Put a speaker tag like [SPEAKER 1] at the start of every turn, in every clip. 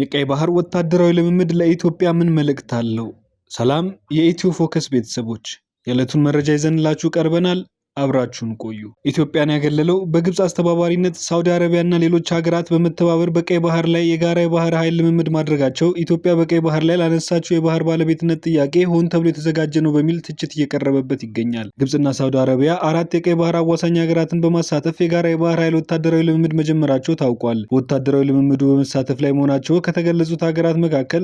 [SPEAKER 1] የቀይ ባህር ወታደራዊ ልምምድ ለኢትዮጵያ ምን መልእክት አለው? ሰላም የኢትዮ ፎከስ ቤተሰቦች፣ የዕለቱን መረጃ ይዘንላችሁ ቀርበናል። አብራችሁን ቆዩ። ኢትዮጵያን ያገለለው በግብፅ አስተባባሪነት ሳውዲ አረቢያና ሌሎች ሀገራት በመተባበር በቀይ ባህር ላይ የጋራ የባህር ኃይል ልምምድ ማድረጋቸው ኢትዮጵያ በቀይ ባህር ላይ ላነሳችው የባህር ባለቤትነት ጥያቄ ሆን ተብሎ የተዘጋጀ ነው በሚል ትችት እየቀረበበት ይገኛል። ግብፅና ሳውዲ አረቢያ አራት የቀይ ባህር አዋሳኝ ሀገራትን በማሳተፍ የጋራ የባህር ኃይል ወታደራዊ ልምምድ መጀመራቸው ታውቋል። ወታደራዊ ልምምዱ በመሳተፍ ላይ መሆናቸው ከተገለጹት ሀገራት መካከል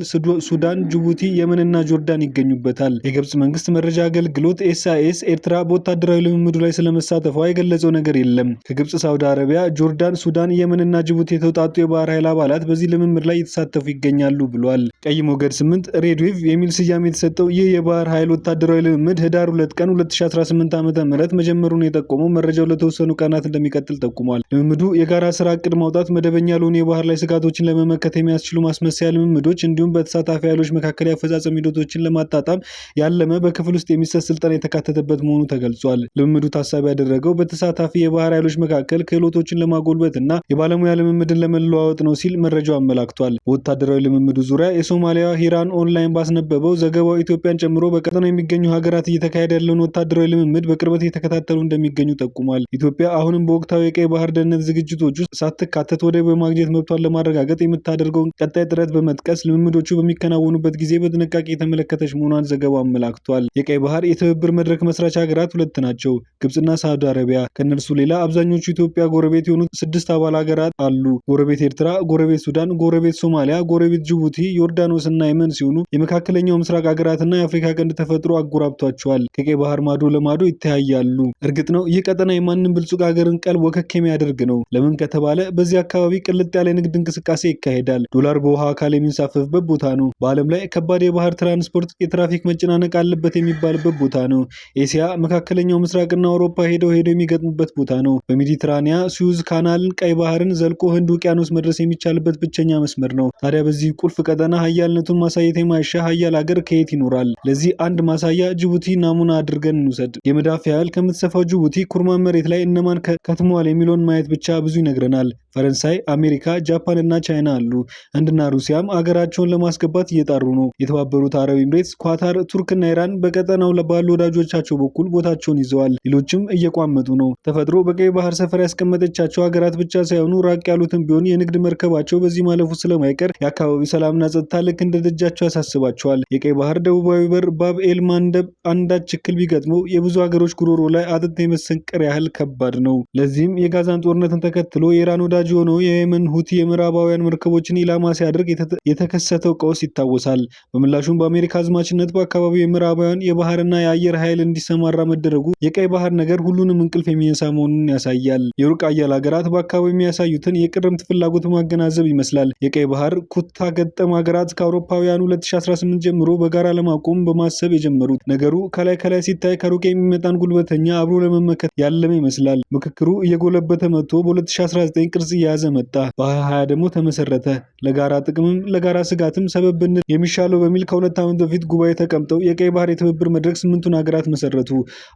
[SPEAKER 1] ሱዳን፣ ጅቡቲ፣ የመንና ጆርዳን ይገኙበታል። የግብፅ መንግስት መረጃ አገልግሎት ኤስአኤስ ኤርትራ በወታደራዊ ልምምዱ ላይ ስለመሳተፉ የገለጸው ነገር የለም። ከግብፅ፣ ሳውዲ አረቢያ፣ ጆርዳን፣ ሱዳን፣ የመንና ጅቡቲ የተውጣጡ የባህር ኃይል አባላት በዚህ ልምምድ ላይ እየተሳተፉ ይገኛሉ ብሏል። ቀይ ሞገድ ስምንት ሬድዌቭ የሚል ስያሜ የተሰጠው ይህ የባህር ኃይል ወታደራዊ ልምምድ ህዳር 2 ቀን 2018 ዓ ም መጀመሩን የጠቆመው መረጃው ለተወሰኑ ቀናት እንደሚቀጥል ጠቁሟል። ልምምዱ የጋራ ስራ እቅድ ማውጣት፣ መደበኛ ለሆኑ የባህር ላይ ስጋቶችን ለመመከት የሚያስችሉ ማስመሰያ ልምምዶች እንዲሁም በተሳታፊ ኃይሎች መካከል የአፈጻጸም ሂደቶችን ለማጣጣም ያለመ በክፍል ውስጥ የሚሰጥ ስልጠና የተካተተበት መሆኑ ተገልጿል። ልምምዱ አንዱ ታሳቢ ያደረገው በተሳታፊ የባህር ኃይሎች መካከል ክህሎቶችን ለማጎልበት እና የባለሙያ ልምምድን ለመለዋወጥ ነው ሲል መረጃው አመላክቷል። በወታደራዊ ልምምዱ ዙሪያ የሶማሊያ ሂራን ኦንላይን ባስነበበው ዘገባው ኢትዮጵያን ጨምሮ በቀጠናው የሚገኙ ሀገራት እየተካሄደ ያለውን ወታደራዊ ልምምድ በቅርበት እየተከታተሉ እንደሚገኙ ጠቁሟል። ኢትዮጵያ አሁንም በወቅታዊ የቀይ ባህር ደህንነት ዝግጅቶች ውስጥ ሳትካተት ወደብ የማግኘት መብቷን ለማረጋገጥ የምታደርገውን ቀጣይ ጥረት በመጥቀስ ልምምዶቹ በሚከናወኑበት ጊዜ በጥንቃቄ የተመለከተች መሆኗን ዘገባው አመላክቷል። የቀይ ባህር የትብብር መድረክ መስራች ሀገራት ሁለት ናቸው። ግብፅና ሳዑዲ አረቢያ። ከእነርሱ ሌላ አብዛኞቹ ኢትዮጵያ ጎረቤት የሆኑት ስድስት አባል ሀገራት አሉ። ጎረቤት ኤርትራ፣ ጎረቤት ሱዳን፣ ጎረቤት ሶማሊያ፣ ጎረቤት ጅቡቲ፣ ዮርዳኖስ እና የመን ሲሆኑ የመካከለኛው ምስራቅ ሀገራትና የአፍሪካ ቀንድ ተፈጥሮ አጎራብቷቸዋል። ከቀይ ባህር ማዶ ለማዶ ይተያያሉ። እርግጥ ነው ይህ ቀጠና የማንም ብልጹግ ሀገርን ቀልብ ወከክ የሚያደርግ ነው። ለምን ከተባለ በዚህ አካባቢ ቅልጥ ያለ ንግድ እንቅስቃሴ ይካሄዳል። ዶላር በውሃ አካል የሚንሳፈፍበት ቦታ ነው። በዓለም ላይ ከባድ የባህር ትራንስፖርት የትራፊክ መጨናነቅ አለበት የሚባልበት ቦታ ነው። ኤስያ፣ መካከለኛው ምስራቅና አውሮፓ ሄደው ሄደው የሚገጥሙበት ቦታ ነው። በሜዲትራኒያ ሱዝ ካናልን፣ ቀይ ባህርን ዘልቆ ህንድ ውቅያኖስ መድረስ የሚቻልበት ብቸኛ መስመር ነው። ታዲያ በዚህ ቁልፍ ቀጠና ሀያልነቱን ማሳየት የማይሻ ሀያል አገር ከየት ይኖራል? ለዚህ አንድ ማሳያ ጅቡቲ ናሙና አድርገን እንውሰድ። የመዳፍ ያህል ከምትሰፋው ጅቡቲ ኩርማን መሬት ላይ እነማን ከትመዋል የሚለውን ማየት ብቻ ብዙ ይነግረናል። ፈረንሳይ፣ አሜሪካ፣ ጃፓን እና ቻይና አሉ። ህንድና ሩሲያም አገራቸውን ለማስገባት እየጣሩ ነው። የተባበሩት አረብ ኤምሬትስ፣ ኳታር፣ ቱርክና ኢራን በቀጠናው ባሉ ወዳጆቻቸው በኩል ቦታቸውን ይዘዋል። ኃይሎችም እየቋመጡ ነው። ተፈጥሮ በቀይ ባህር ሰፈር ያስቀመጠቻቸው ሀገራት ብቻ ሳይሆኑ ራቅ ያሉትን ቢሆን የንግድ መርከባቸው በዚህ ማለፉ ስለማይቀር የአካባቢው ሰላምና ጸጥታ ልክ እንደ ደጃቸው ያሳስባቸዋል። የቀይ ባህር ደቡባዊ በር ባብ ኤል ማንደብ አንዳች ችክል ቢገጥመው የብዙ ሀገሮች ጉሮሮ ላይ አጥንት የመሰንቀር ያህል ከባድ ነው። ለዚህም የጋዛን ጦርነትን ተከትሎ የኢራን ወዳጅ የሆነው የየመን ሁቲ የምዕራባውያን መርከቦችን ኢላማ ሲያደርግ የተከሰተው ቀውስ ይታወሳል። በምላሹም በአሜሪካ አዝማችነት በአካባቢው የምዕራባውያን የባህርና የአየር ኃይል እንዲሰማራ መደረጉ የቀይ ባህር ባህር ነገር ሁሉንም እንቅልፍ የሚነሳ መሆኑን ያሳያል። የሩቅ አያል ሀገራት በአካባቢ የሚያሳዩትን የቅርምት ፍላጎት ማገናዘብ ይመስላል። የቀይ ባህር ኩታ ገጠም ሀገራት ከአውሮፓውያኑ 2018 ጀምሮ በጋራ ለማቆም በማሰብ የጀመሩት ነገሩ ከላይ ከላይ ሲታይ ከሩቅ የሚመጣን ጉልበተኛ አብሮ ለመመከት ያለመ ይመስላል። ምክክሩ እየጎለበተ መጥቶ በ2019 ቅርጽ እየያዘ መጣ። በ2020 ደግሞ ተመሰረተ። ለጋራ ጥቅምም ለጋራ ስጋትም ሰበብነት የሚሻለው በሚል ከሁለት ዓመት በፊት ጉባኤ ተቀምጠው የቀይ ባህር የትብብር መድረክ ስምንቱን ሀገራት መሰረቱ።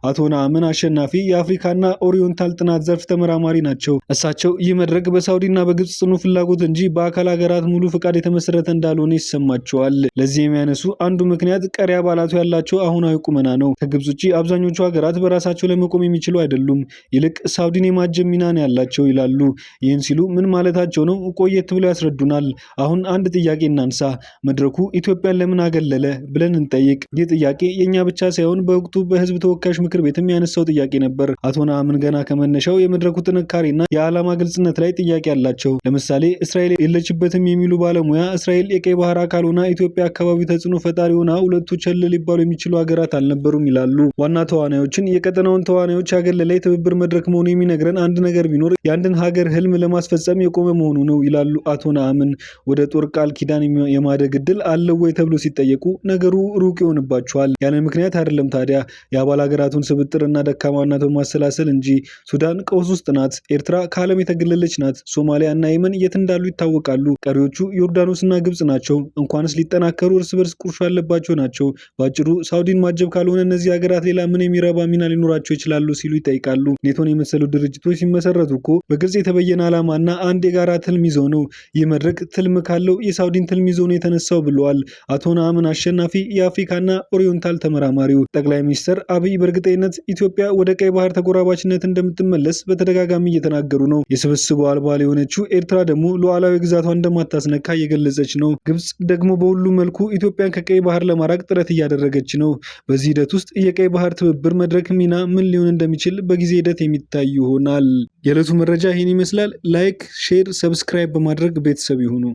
[SPEAKER 1] አቶ ነአምን አሸናፊ የአፍሪካና ኦሪዮንታል ጥናት ዘርፍ ተመራማሪ ናቸው። እሳቸው ይህ መድረክ በሳውዲና በግብጽ ጽኑ ፍላጎት እንጂ በአካል ሀገራት ሙሉ ፍቃድ የተመሰረተ እንዳልሆነ ይሰማቸዋል። ለዚህ የሚያነሱ አንዱ ምክንያት ቀሪ አባላቱ ያላቸው አሁናዊ ቁመና ነው። ከግብጽ ውጭ አብዛኞቹ ሀገራት በራሳቸው ለመቆም የሚችሉ አይደሉም። ይልቅ ሳውዲን የማጀብ ሚና ነው ያላቸው ይላሉ። ይህን ሲሉ ምን ማለታቸው ነው? ቆየት ብለው ያስረዱናል። አሁን አንድ ጥያቄ እናንሳ። መድረኩ ኢትዮጵያን ለምን አገለለ ብለን እንጠይቅ። ይህ ጥያቄ የእኛ ብቻ ሳይሆን በወቅቱ በህዝብ ተወካዮች ምክር ቤትም ያነሳው ጥያቄ ነበር። አቶ ነአምን ገና ከመነሻው የመድረኩ ጥንካሬና የዓላማ ግልጽነት ላይ ጥያቄ አላቸው። ለምሳሌ እስራኤል የለችበትም የሚሉ ባለሙያ እስራኤል የቀይ ባህር አካል ሆና ኢትዮጵያ አካባቢ ተጽዕኖ ፈጣሪ ሆና ሁለቱ ቸል ሊባሉ የሚችሉ ሀገራት አልነበሩም ይላሉ። ዋና ተዋናዮችን የቀጠናውን ተዋናዮች ያገለለ የትብብር መድረክ መሆኑ የሚነግረን አንድ ነገር ቢኖር የአንድን ሀገር ህልም ለማስፈጸም የቆመ መሆኑ ነው ይላሉ አቶ ነአምን። ወደ ጦር ቃል ኪዳን የማደግ እድል አለው ወይ ተብሎ ሲጠየቁ ነገሩ ሩቅ ይሆንባቸዋል። ያለ ምክንያት አይደለም ታዲያ የአባል ሀገራቱን ስብጥር እና ደካማነቱን ማሰላሰል እንጂ ሱዳን ቀውስ ውስጥ ናት፣ ኤርትራ ከዓለም የተገለለች ናት፣ ሶማሊያ እና የመን የት እንዳሉ ይታወቃሉ። ቀሪዎቹ እና ግብጽ ናቸው። እንኳንስ ሊጠናከሩ እርስ በርስ ቁርሾ ያለባቸው ናቸው። በአጭሩ ሳውዲን ማጀብ ካልሆነ እነዚህ ሀገራት ሌላ ምን የሚረባ ሚና ሊኖራቸው ይችላሉ ሲሉ ይጠይቃሉ። ኔቶን የመሰሉ ድርጅቶች ሲመሰረቱ እኮ በግልጽ የተበየነ ዓላማና አንድ የጋራ ትልም ይዞ ነው። ይህ መድረክ ትልም ካለው የሳውዲን ትልም ይዞ ነው የተነሳው ብለዋል አቶ ነአምን አሸናፊ የአፍሪካና ኦሪዮንታል ተመራማሪው ጠቅላይ ሚኒስትር አብይ በእርግጠኝነት ኢትዮጵያ ወደ ቀይ ባህር ተጎራባችነት እንደምትመለስ በተደጋጋሚ እየተናገሩ ነው። የስብስቡ አልባል የሆነችው ኤርትራ ደግሞ ሉዓላዊ ግዛቷ እንደማታስነካ እየገለጸች ነው። ግብጽ ደግሞ በሁሉም መልኩ ኢትዮጵያን ከቀይ ባህር ለማራቅ ጥረት እያደረገች ነው። በዚህ ሂደት ውስጥ የቀይ ባህር ትብብር መድረክ ሚና ምን ሊሆን እንደሚችል በጊዜ ሂደት የሚታይ ይሆናል። የዕለቱ መረጃ ይህን ይመስላል። ላይክ፣ ሼር፣ ሰብስክራይብ በማድረግ ቤተሰብ ይሁኑ።